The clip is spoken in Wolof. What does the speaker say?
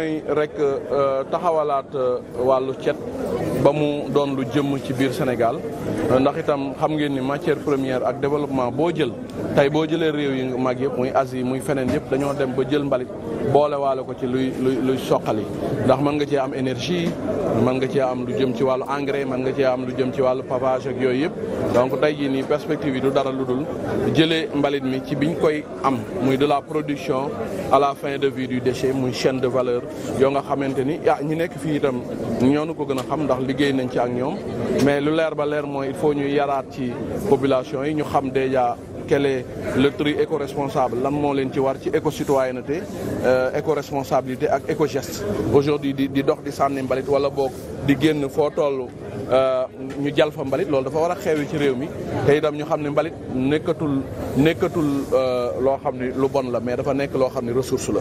mooy rek euh, taxawalaat euh, wàllu cet ba mu doon lu jëm ci biir Sénégal ndax itam xam ngeen ni matière première ak développement boo jël tey boo jëlee réew yi mag yëpp muy asi muy feneen yëpp dañoo dem ba jël mbalit boole ko ci luy luy luy soqali ndax mën nga cee am énergie mën nga cee am lu jëm ci wàllu engrais mën nga cee am lu jëm ci wàllu pavage yooyu yëpp donc tey jii nii perspective yi du dara lu dul jëlee mbalit mi ci biñ koy am muy de la production à la fin de vie du déchet muy chaîne de valeur yoo nga xamante ni ah ñi nekk fii itam ñoonu ko gën a xam ndax liggéey nañ ci ak ñoom mais lu leer ba leer mooy il faut ñuy yaraat ci population yi ñu xam déjà quel le tri éco-responsable lan moo leen ci war ci éco-citoyenneté euh, éco-responsabilité ak éco-geste aujourd'hui di dox di sànni mbalit wala boog di génn foo toll euh, ñu jal fa mbalit loolu dafa war a xewi ci réew mi te itam ñu xam ne mbalit nekkatul nekkatul euh, loo xam ne lu bon la mais dafa nekk loo xam ne ressource la